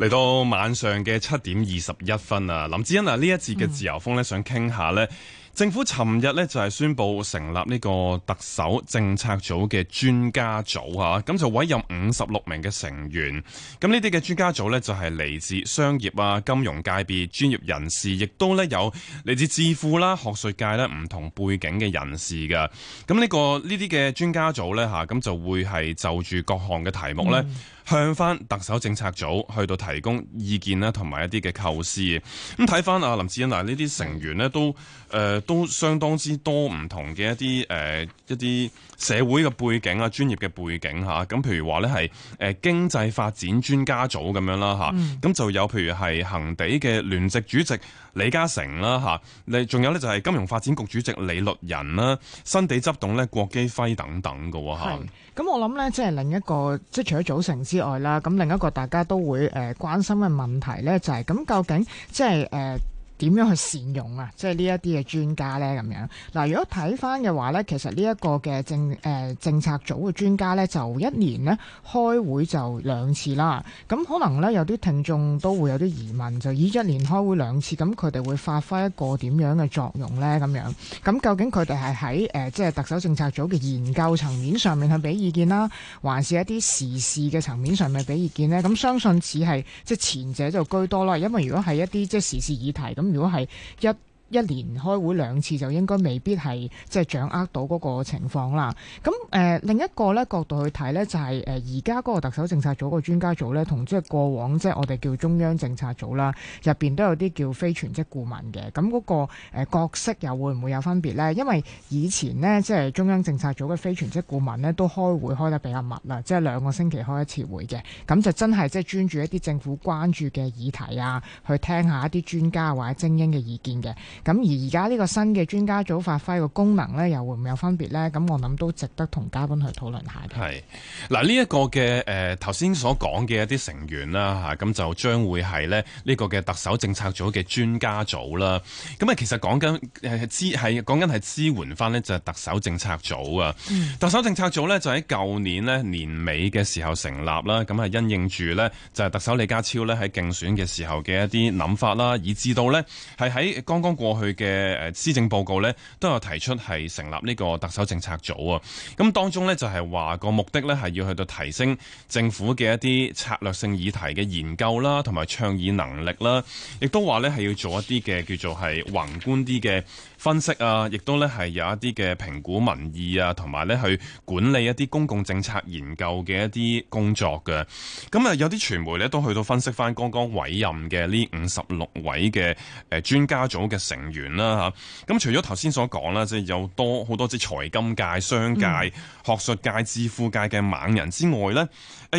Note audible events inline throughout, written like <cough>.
嚟到晚上嘅七點二十一分啊，林志欣啊，呢一節嘅自由風呢，想傾下呢，政府尋日呢，就係宣布成立呢個特首政策組嘅專家組吓，咁就委任五十六名嘅成員，咁呢啲嘅專家組呢，就係嚟自商業啊、金融界別專業人士，亦都呢有嚟自智庫啦、學術界呢唔同背景嘅人士㗎。咁呢個呢啲嘅專家組呢，吓，咁就會係就住各項嘅題目呢。嗯向翻特首政策組去到提供意見咧，同埋一啲嘅構思。咁睇翻啊，林志恩嗱，呢啲成員咧都誒、呃、都相當之多唔同嘅一啲誒、呃、一啲社會嘅背景，專背景啊，專業嘅背景吓。咁譬如話咧係誒經濟發展專家組咁樣啦吓，咁、啊嗯、就有譬如係恒地嘅聯席主席。.李嘉誠啦吓，你仲有咧就係金融發展局主席李律仁啦，新地執董咧郭基輝等等噶吓。係，咁我諗咧即係另一個，即係除咗組成之外啦，咁另一個大家都會誒、呃、關心嘅問題咧就係、是，咁究竟即係誒。呃點樣去善用啊？即係呢一啲嘅專家咧咁樣嗱。如果睇翻嘅話咧，其實呢一個嘅政誒、呃、政策組嘅專家咧，就一年呢開會就兩次啦。咁可能咧有啲聽眾都會有啲疑問，就以一年開會兩次，咁佢哋會發揮一個點樣嘅作用咧？咁樣咁究竟佢哋係喺誒即係特首政策組嘅研究層面上面去俾意見啦，還是一啲時事嘅層面上面俾意見呢？咁相信只係即係前者就居多啦。因為如果係一啲即係時事議題咁。如果係一。一年開會兩次就應該未必係即係掌握到嗰個情況啦。咁誒、呃、另一個咧角度去睇咧，就係誒而家嗰個特首政策組個專家組咧，同即係過往即係、就是、我哋叫中央政策組啦，入邊都有啲叫非全職顧問嘅。咁嗰、那個、呃、角色又會唔會有分別咧？因為以前呢，即、就、係、是、中央政策組嘅非全職顧問咧，都開會開得比較密啦，即、就、係、是、兩個星期開一次會嘅。咁就真係即係專注一啲政府關注嘅議題啊，去聽下一啲專家或者精英嘅意見嘅。咁而而家呢個新嘅專家組發揮個功能咧，又會唔會有分別咧？咁我諗都值得同嘉賓去討論下。係嗱，呢一個嘅誒頭先所講嘅一啲成員啦，吓、啊，咁就將會係咧呢個嘅特首政策組嘅專家組啦。咁啊，其實講緊誒支係講緊係支援翻咧，就係特首政策組啊、嗯。特首政策組咧就喺舊年咧年尾嘅時候成立啦。咁、啊、係因應住咧就係、是、特首李家超咧喺競選嘅時候嘅一啲諗法啦，以至到咧係喺剛剛過。過去嘅誒施政報告呢都有提出係成立呢個特首政策組啊。咁當中呢，就係話個目的呢係要去到提升政府嘅一啲策略性議題嘅研究啦，同埋倡議能力啦，亦都話呢係要做一啲嘅叫做係宏觀啲嘅。分析啊，亦都咧係有一啲嘅評估民意啊，同埋咧去管理一啲公共政策研究嘅一啲工作嘅。咁啊，有啲傳媒咧都去到分析翻剛剛委任嘅呢五十六位嘅誒、呃、專家組嘅成員啦嚇。咁除咗頭先所講啦，即、就是、有多好多啲財金界、商界、嗯、學術界、智庫界嘅猛人之外咧，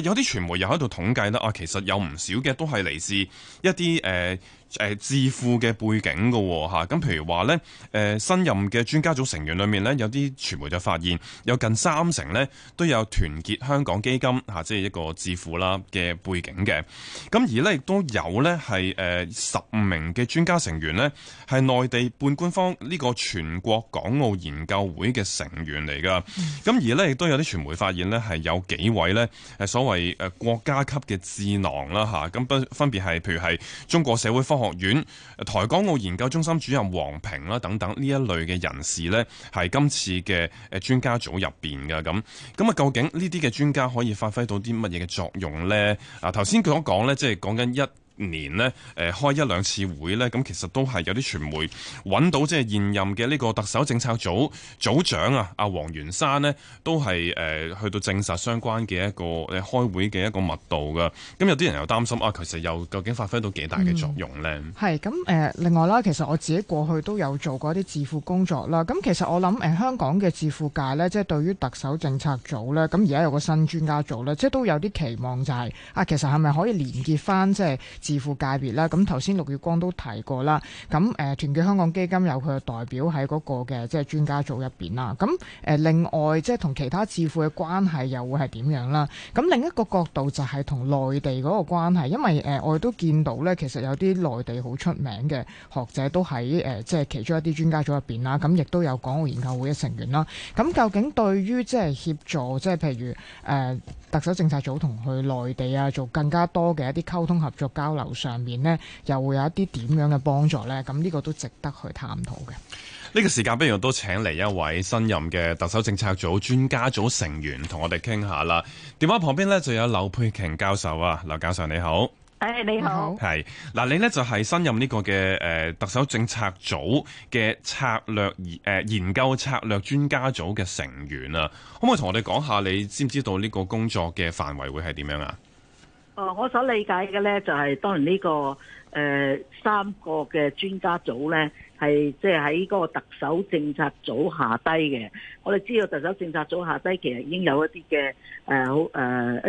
有啲傳媒又喺度統計啦。啊，其實有唔少嘅都係嚟自一啲誒。呃誒智庫嘅背景嘅喎，吓，咁譬如話咧，誒，新任嘅專家組成員裏面咧，有啲傳媒就發現有近三成咧都有團結香港基金吓，即係一個智庫啦嘅背景嘅。咁而咧亦都有咧係誒十名嘅專家成員咧係內地半官方呢個全國港澳研究會嘅成員嚟㗎。咁 <laughs> 而咧亦都有啲傳媒發現咧係有幾位咧，誒所謂誒國家級嘅智囊啦吓，咁不分別係譬如係中國社會科。學院台港澳研究中心主任王平啦等等呢一類嘅人士呢，係今次嘅誒專家組入邊嘅咁。咁啊，究竟呢啲嘅專家可以發揮到啲乜嘢嘅作用呢？嗱、啊，頭先佢講講呢，即係講緊一。年呢，誒開一兩次會呢，咁其實都係有啲傳媒揾到，即係現任嘅呢個特首政策組組長啊，阿黃元山呢，都係誒、呃、去到證實相關嘅一個誒開會嘅一個密度㗎。咁有啲人又擔心啊，其實又究竟發揮到幾大嘅作用呢？係咁誒，另外啦，其實我自己過去都有做過一啲智庫工作啦。咁其實我諗誒、呃，香港嘅智庫界呢，即、就、係、是、對於特首政策組呢，咁而家有個新專家組呢，即、就、係、是、都有啲期望就係、是、啊，其實係咪可以連結返即係？就是智庫界別啦，咁頭先陸月光都提過啦，咁誒團結香港基金有佢嘅代表喺嗰個嘅即係專家組入邊啦，咁誒另外即係同其他智庫嘅關係又會係點樣啦？咁另一個角度就係同內地嗰個關係，因為誒我哋都見到咧，其實有啲內地好出名嘅學者都喺誒即係其中一啲專家組入邊啦，咁亦都有港澳研究會嘅成員啦。咁究竟對於即係協助即係譬如誒特首政策組同去內地啊，做更加多嘅一啲溝通合作交交流上面呢，又會有一啲點樣嘅幫助呢？咁呢個都值得去探討嘅。呢個時間，不如都請嚟一位新任嘅特首政策組專家組成員同我哋傾下啦。電話旁邊呢，就有劉佩瓊教授啊，劉教授你好，誒你好，係嗱，你呢就係新任呢個嘅誒特首政策組嘅策略誒研究策略專家組嘅成員啊，可唔可以同我哋講下你知唔知道呢個工作嘅範圍會係點樣啊？我所理解嘅咧、這個，就係當然呢個誒三個嘅專家組咧，係即係喺嗰個特首政策組下低嘅。我哋知道特首政策組下低，其實已經有一啲嘅誒好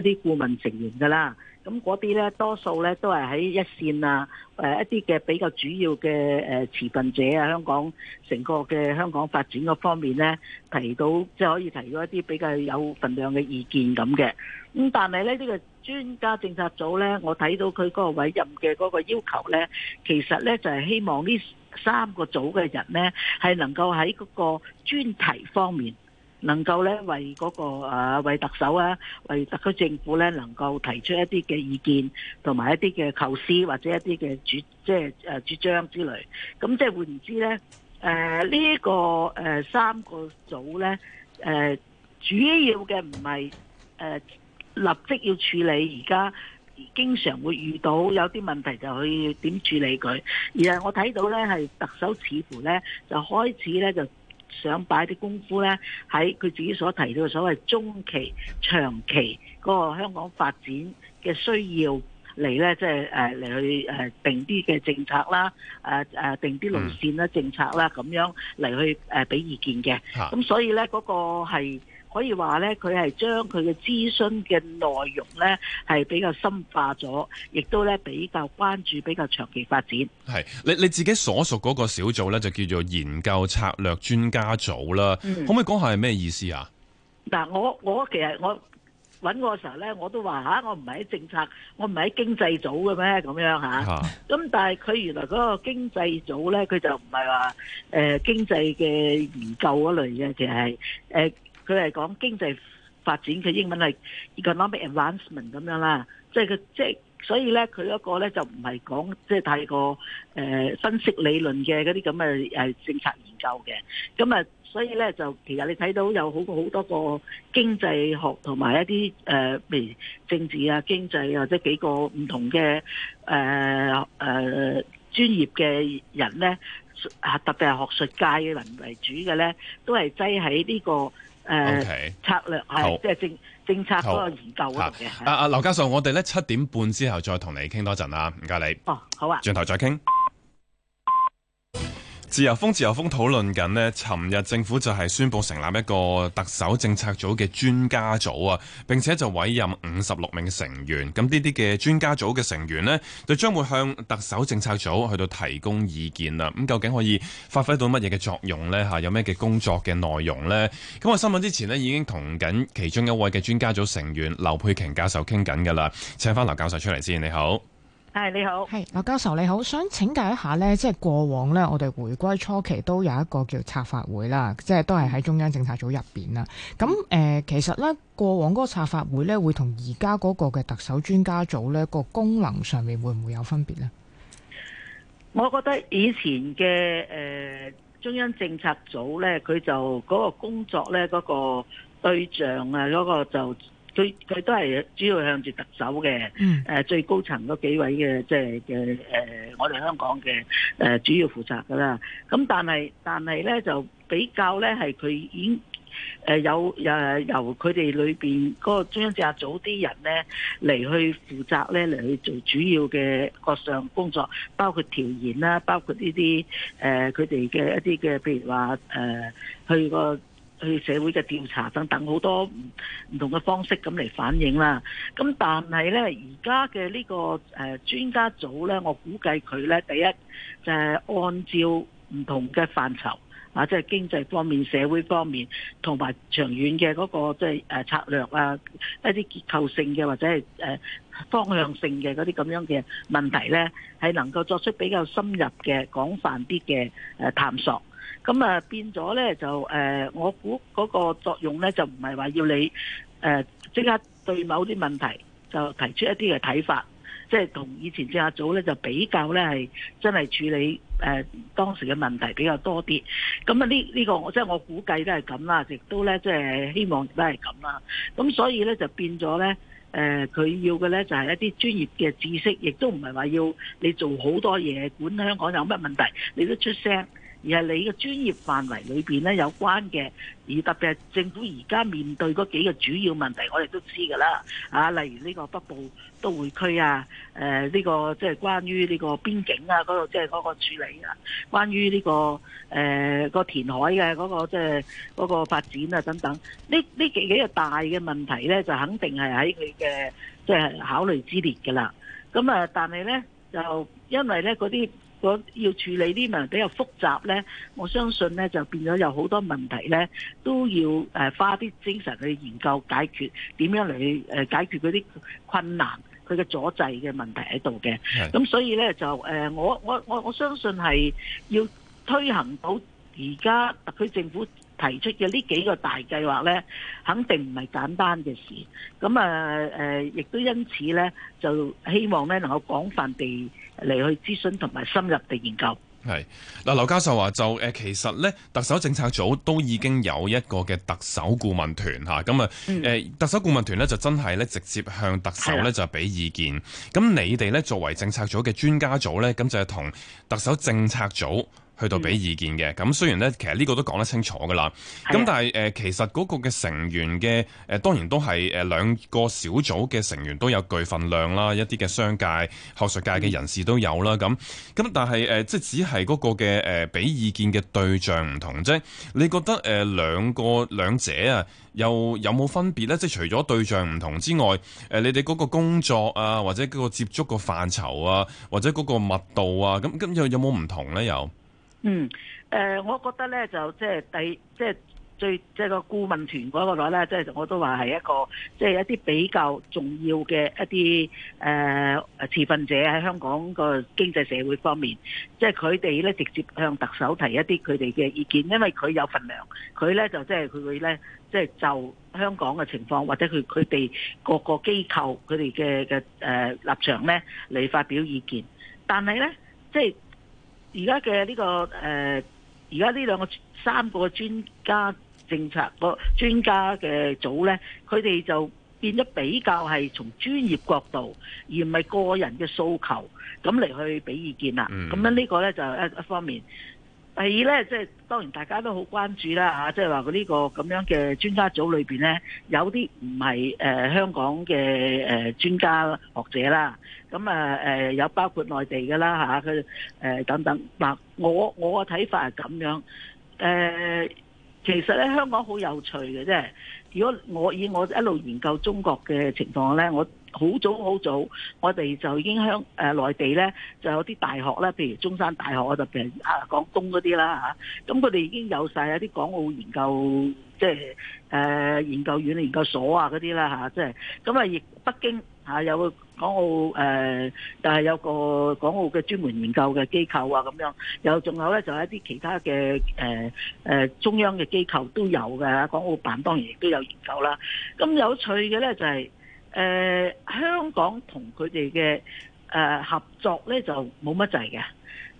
一啲顧問成員噶啦。咁嗰啲咧，多數咧都係喺一線啊、呃，一啲嘅比較主要嘅誒持份者啊，香港成個嘅香港發展嗰方面咧，提到即係、就係、可以提到一啲比較有份量嘅意見咁嘅。咁但係咧，呢個專家政策組咧，我睇到佢嗰個委任嘅嗰個要求咧，其實咧就係希望呢三個組嘅人咧，係能夠喺嗰個專題方面，能夠咧為嗰個啊為特首啊，為特區政府咧，能夠提出一啲嘅意見，同埋一啲嘅構思，或者一啲嘅主即係主張之類。咁即係換言之咧，誒呢個三個組咧主要嘅唔係誒。立即要處理，而家經常會遇到有啲問題，就去點處理佢。而係我睇到咧，係特首似乎咧就開始咧就想擺啲功夫咧喺佢自己所提到嘅所謂中期、長期嗰個香港發展嘅需要嚟咧，即係誒嚟去誒定啲嘅政策啦，誒、嗯、定啲路線啦、政策啦咁樣嚟去誒俾意見嘅。咁、啊、所以咧嗰個係。可以話咧，佢係將佢嘅諮詢嘅內容咧係比較深化咗，亦都咧比較關注比較長期發展。係你你自己所屬嗰個小組咧，就叫做研究策略專家組啦、嗯。可唔可以講下係咩意思啊？嗱、嗯，我我其實我揾我嘅時候咧，我都話吓、啊，我唔係喺政策，我唔係喺經濟組嘅咩咁樣吓。咁、啊、 <laughs> 但係佢原來嗰個經濟組咧，佢就唔係話誒經濟嘅研究嗰類嘅，其實係誒。呃佢係講經濟發展嘅英文係 Economic Advancement 咁樣啦，即係佢即係所以咧，佢嗰個咧就唔係講即係太過誒分析理論嘅嗰啲咁嘅誒政策研究嘅，咁啊，所以咧就其實你睇到有好好多個經濟學同埋一啲呃、譬如政治啊、經濟啊，即係幾個唔同嘅誒誒專業嘅人咧。啊，特別係學術界嘅人為主嘅咧，都係擠喺呢個誒、呃、Okay. 策略，係好即係政政策嗰個研究度嘅。啊啊，劉教授，我哋咧七點半之後再同你傾多陣啦，唔該你。哦，好啊，轉頭再傾。自由風，自由風討論緊呢尋日政府就係宣布成立一個特首政策組嘅專家組啊，並且就委任五十六名嘅成員。咁呢啲嘅專家組嘅成員呢，就將會向特首政策組去到提供意見啦。咁究竟可以發揮到乜嘢嘅作用呢？嚇，有咩嘅工作嘅內容呢？咁我新聞之前呢，已經同緊其中一位嘅專家組成員劉佩瓊教授傾緊噶啦。請翻劉教授出嚟先，你好。係，你好。係、hey, 劉教授你好，想請教一下呢。即係過往呢，我哋回歸初期都有一個叫策發會啦，即係都係喺中央政策組入邊啦。咁誒、呃，其實呢，過往嗰個策發會呢，會同而家嗰個嘅特首專家組呢個功能上面會唔會有分別呢？我覺得以前嘅誒、呃、中央政策組呢，佢就嗰、那個工作呢，嗰、那個對象啊，嗰、那個就。佢佢都係主要向住特首嘅、嗯，最高層嗰幾位嘅，即係嘅我哋香港嘅誒、呃、主要負責㗎喇。咁但係但係咧就比較咧係佢已經誒、呃、有、呃、由佢哋裏面嗰個中央政策組啲人咧嚟去負責咧嚟去做主要嘅各項工作，包括調研啦，包括呢啲誒佢哋嘅一啲嘅，譬如話誒、呃、去個。去社會嘅調查等等好多唔唔同嘅方式咁嚟反映啦。咁但係咧，而家嘅呢個誒專家組咧，我估計佢咧第一就係按照唔同嘅範疇啊，即係經濟方面、社會方面，同埋長遠嘅嗰個即係誒策略啊一啲結構性嘅或者係誒方向性嘅嗰啲咁樣嘅問題咧，係能夠作出比較深入嘅廣泛啲嘅誒探索。咁啊，變咗咧就誒、呃，我估嗰個作用咧就唔係話要你誒、呃、即刻對某啲問題就提出一啲嘅睇法，即係同以前政協組咧就比較咧係真係處理誒、呃、當時嘅問題比較多啲。咁啊呢呢個我即係我估計都係咁啦，亦都咧即係希望亦都係咁啦。咁所以咧就變咗咧誒，佢要嘅咧就係一啲專業嘅知識，亦都唔係話要你做好多嘢，管香港有乜問題你都出聲。而係你嘅專業範圍裏面咧有關嘅，而特別係政府而家面對嗰幾個主要問題，我哋都知㗎啦，啊，例如呢個北部都會區啊，誒呢個即係關於呢個邊境啊嗰度即係嗰個處理啊，關於呢個誒、呃、個填海嘅嗰個即係嗰個發展啊等等，呢呢幾幾個大嘅問題咧就肯定係喺佢嘅即係考慮之列㗎啦。咁啊，但係咧就因為咧嗰啲。要處理啲問題比較複雜呢，我相信呢就變咗有好多問題呢都要誒花啲精神去研究解決，點樣嚟去解決嗰啲困難佢嘅阻滯嘅問題喺度嘅，咁所以呢，就誒我我我我相信係要推行到而家特區政府。提出嘅呢幾個大計劃呢，肯定唔係簡單嘅事。咁啊，誒、呃，亦都因此呢，就希望呢能夠廣泛地嚟去諮詢同埋深入地研究。係嗱，劉教授話就誒，其實呢，特首政策組都已經有一個嘅特首顧問團嚇，咁啊誒，特首顧問團呢，就真係呢，直接向特首呢就俾意見。咁你哋呢，作為政策組嘅專家組呢，咁就係同特首政策組。去到俾意見嘅，咁雖然呢，其實呢個都講得清楚㗎啦。咁但係、呃、其實嗰個嘅成員嘅誒、呃，當然都係誒、呃、兩個小組嘅成員都有具份量啦，一啲嘅商界、學術界嘅人士都有啦。咁咁，但係、呃、即只係嗰個嘅誒俾意見嘅對象唔同啫。你覺得誒、呃、兩個兩者啊，又有冇分別呢？即係除咗對象唔同之外，呃、你哋嗰個工作啊，或者嗰個接觸個範疇啊，或者嗰個密度啊，咁咁又有冇唔同呢？又？嗯，誒，我覺得咧就即係第即係最即係個顧問團嗰個內咧，即係我都話係一個即係一啲比較重要嘅一啲誒誒持份者喺香港個經濟社會方面，即係佢哋咧直接向特首提一啲佢哋嘅意見，因為佢有份量，佢咧就即係佢會咧即係就香港嘅情況或者佢佢哋各個機構佢哋嘅嘅誒立場咧嚟發表意見，但係咧即係。就是而家嘅呢個誒，而家呢兩個三個專家政策個、呃、專家嘅組咧，佢哋就變咗比較係從專業角度，而唔係個人嘅訴求咁嚟去俾意見啦。咁、嗯、樣這個呢個咧就一一方面。第二咧，即係當然大家都好關注啦嚇，即係話佢呢個咁樣嘅專家組裏邊咧，有啲唔係誒香港嘅誒專家學者啦，咁啊誒有包括內地噶啦嚇，佢誒等等。嗱，我我嘅睇法係咁樣誒，其實咧香港好有趣嘅，即係如果我以我一路研究中國嘅情況咧，我。好早好早，我哋就已經香誒、呃、內地咧，就有啲大學咧，譬如中山大學，譬如啊，特別啊廣東嗰啲啦，咁佢哋已經有晒一啲港澳研究，即係誒、呃、研究院、研究所啊嗰啲啦，即係咁啊，亦、就是啊、北京、啊、有，港、呃、有個港澳誒，但係有個港澳嘅專門研究嘅機構啊咁樣，又仲有咧就是、一啲其他嘅誒、呃呃、中央嘅機構都有嘅，港澳辦當然亦都有研究啦。咁、啊、有趣嘅咧就係、是。誒、呃、香港同佢哋嘅誒合作咧就冇乜滯嘅，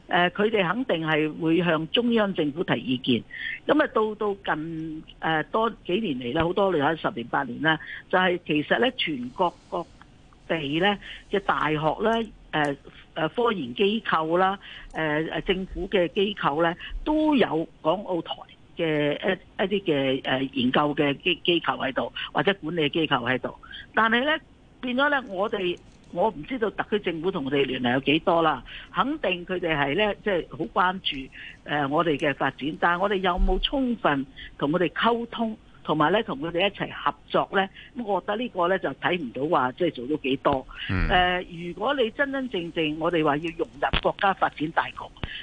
誒佢哋肯定係會向中央政府提意見。咁啊到到近誒、呃、多幾年嚟啦，好多你睇十年八年啦，就係、是、其實咧全國各地咧嘅大學咧，誒、呃、誒科研機構啦，誒、呃、誒政府嘅機構咧都有港澳台，嘅一一啲嘅誒研究嘅機機構喺度，或者管理機構喺度，但係咧變咗咧，我哋我唔知道特區政府同我哋聯繫有幾多啦。肯定佢哋係咧，即係好關注誒我哋嘅發展。但係我哋有冇充分同佢哋溝通，同埋咧同佢哋一齊合作咧？咁我覺得個呢個咧就睇唔到話即係做到幾多。誒、嗯呃。如果你真真正正我哋話要融入國家發展大局，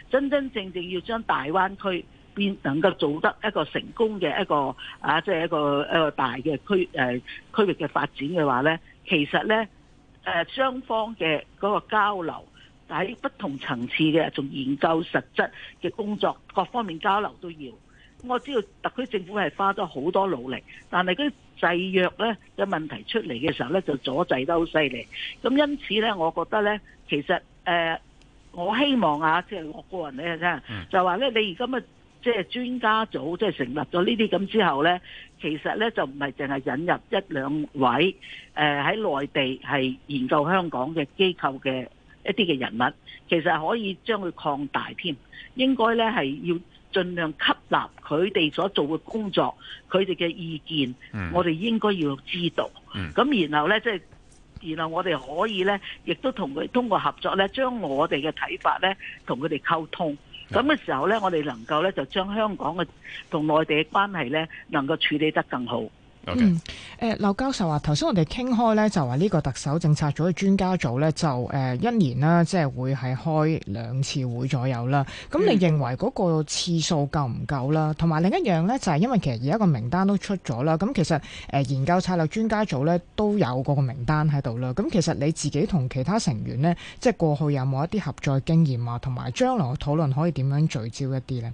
真真正正要將大灣區。能夠做得一個成功嘅一個啊，即係一個一個大嘅區誒區域嘅發展嘅話咧，其實咧誒雙方嘅嗰個交流，喺不同層次嘅仲研究實質嘅工作各方面交流都要。我知道特區政府係花咗好多努力，但係嗰啲制約咧嘅問題出嚟嘅時候咧，就阻滯得好犀利。咁因此咧，我覺得咧，其實誒我希望啊，即係我個人嚟講，就話咧，你而家咪～即係專家組，即係成立咗呢啲咁之後呢，其實呢就唔係淨係引入一兩位，誒，喺內地係研究香港嘅機構嘅一啲嘅人物，其實可以將佢擴大添。應該呢係要盡量吸納佢哋所做嘅工作，佢哋嘅意見，我哋應該要知道。咁 mm. 然後呢，即係然後我哋可以呢，亦都同佢通過合作呢，將我哋嘅睇法呢，同佢哋溝通。咁嘅時候呢，我哋能夠呢，就將香港嘅同內地嘅關係呢，能夠處理得更好。Okay. 嗯，誒、呃，劉教授話，頭先我哋傾開咧，就話呢個特首政策組嘅專家組咧，就誒、呃、一年啦，即、就、係、是、會係開兩次會左右啦。咁你認為嗰個次數夠唔夠啦？同、嗯、埋另一樣咧，就係、是、因為其實而家個名單都出咗啦。咁其實誒、呃、研究策略專家組咧都有個個名單喺度啦。咁其實你自己同其他成員咧，即、就、係、是、過去有冇一啲合作經驗啊？同埋將來討論可以點樣聚焦一啲咧？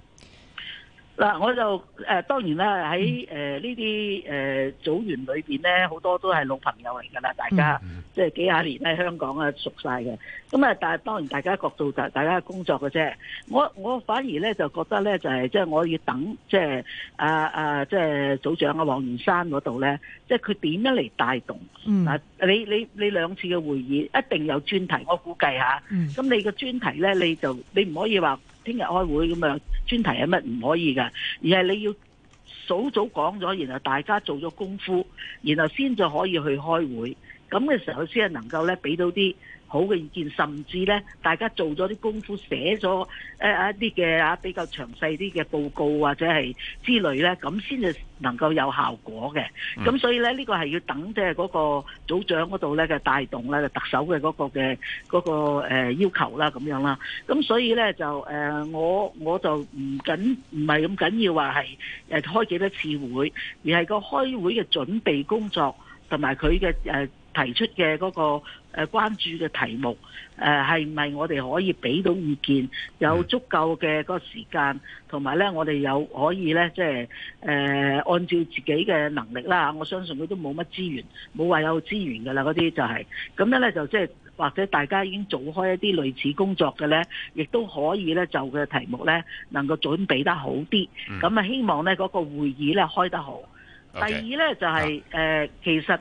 嗱，我就誒、呃、當然啦，喺誒呢啲誒組員裏面咧，好多都係老朋友嚟㗎啦，大家、mm-hmm. 即係幾廿年喺香港啊熟晒嘅。咁啊，但當然大家角度就大家工作嘅啫。我我反而咧就覺得咧就係即係我要等即係啊啊，即係組長啊黃元山嗰度咧，即係佢點樣嚟帶動、mm-hmm. 你你你兩次嘅會議一定有專題，我估計下。咁、mm-hmm. 你個專題咧你就你唔可以話。聽日開會咁樣專題是，係乜唔可以㗎？而係你要早早講咗，然後大家做咗功夫，然後先至可以去開會。咁嘅時候先係能夠咧，俾到啲。好嘅意見，甚至咧，大家做咗啲功夫，寫咗誒一啲嘅啊比較詳細啲嘅報告或者係之類咧，咁先至能夠有效果嘅。咁、嗯、所以咧，呢個係要等即係嗰個組長嗰度咧就帶動啦，特首嘅嗰個嘅嗰個誒要求啦，咁樣啦。咁所以咧就誒我我就唔緊唔係咁緊要話係誒開幾多次會，而係個開會嘅準備工作同埋佢嘅誒提出嘅嗰個誒關注嘅題目，誒係唔係，我哋可以俾到意見，有足夠嘅個時間，同埋咧我哋有可以咧，即係誒、呃、按照自己嘅能力啦，我相信佢都冇乜資源，冇話有資源噶啦，嗰啲就係、是、咁樣咧，就即係或者大家已經做開一啲類似工作嘅咧，亦都可以咧就嘅題目咧能夠準備得好啲，咁、嗯、啊希望咧嗰、那個會議咧開得好。第二咧就係、是、誒、okay. 呃、其實。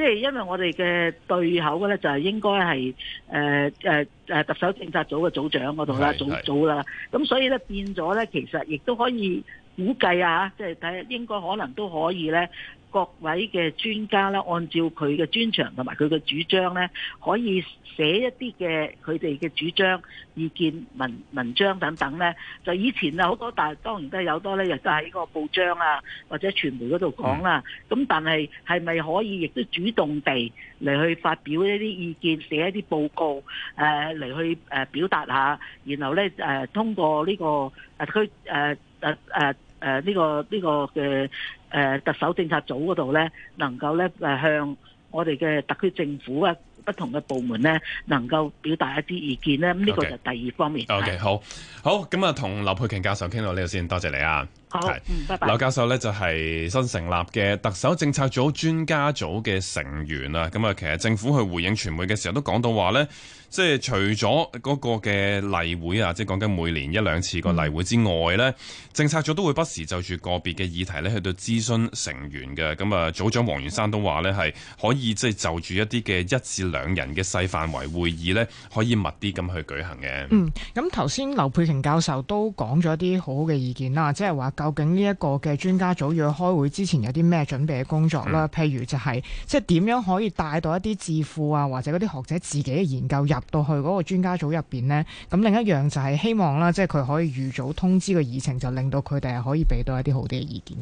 即係因為我哋嘅對口嘅咧，就係應該係誒誒誒特首政策組嘅組長嗰度啦，組是是組啦，咁所以咧變咗咧，其實亦都可以估計啊，即係睇應該可能都可以咧。各位嘅專家啦，按照佢嘅專長同埋佢嘅主張咧，可以寫一啲嘅佢哋嘅主張意見文文章等等咧。就以前啊好多大，但當當然都係有多咧，亦都喺個報章啊或者傳媒嗰度講啦。咁、嗯、但係係咪可以亦都主動地嚟去發表一啲意見，寫一啲報告，誒、呃、嚟去誒表達下，然後咧、呃、通過呢、呢個誒佢誒誒誒誒呢個呢、呢個嘅。呢個誒特首政策組嗰度咧，能夠咧誒向我哋嘅特區政府啊，不同嘅部門咧，能夠表達一啲意見咧，咁呢個就第二方面。O、okay. K，okay. 好，好咁啊，同劉佩瓊教授傾到呢度先，多謝你啊！好，拜拜。劉教授呢，就係新成立嘅特首政策組專家組嘅成員啊。咁啊，其實政府去回應傳媒嘅時候都講到話呢，即係除咗嗰個嘅例會啊，即係講緊每年一兩次個例會之外呢，嗯，政策組都會不時就住個別嘅議題呢去到諮詢成員嘅。咁啊，組長黃元山都話呢係可以即係就住一啲嘅一至兩人嘅細範圍會議呢，可以密啲咁去舉行嘅。嗯，咁頭先劉佩瓊教授都講咗啲好好嘅意見啦，即係話。究竟呢一個嘅專家組要開會之前有啲咩準備嘅工作啦，嗯？譬如就係即係點樣可以帶到一啲智庫啊或者嗰啲學者自己嘅研究入到去嗰個專家組入面呢？咁另一樣就係希望啦，即係佢可以預早通知個議程，就令到佢哋可以俾到一啲好啲嘅意見。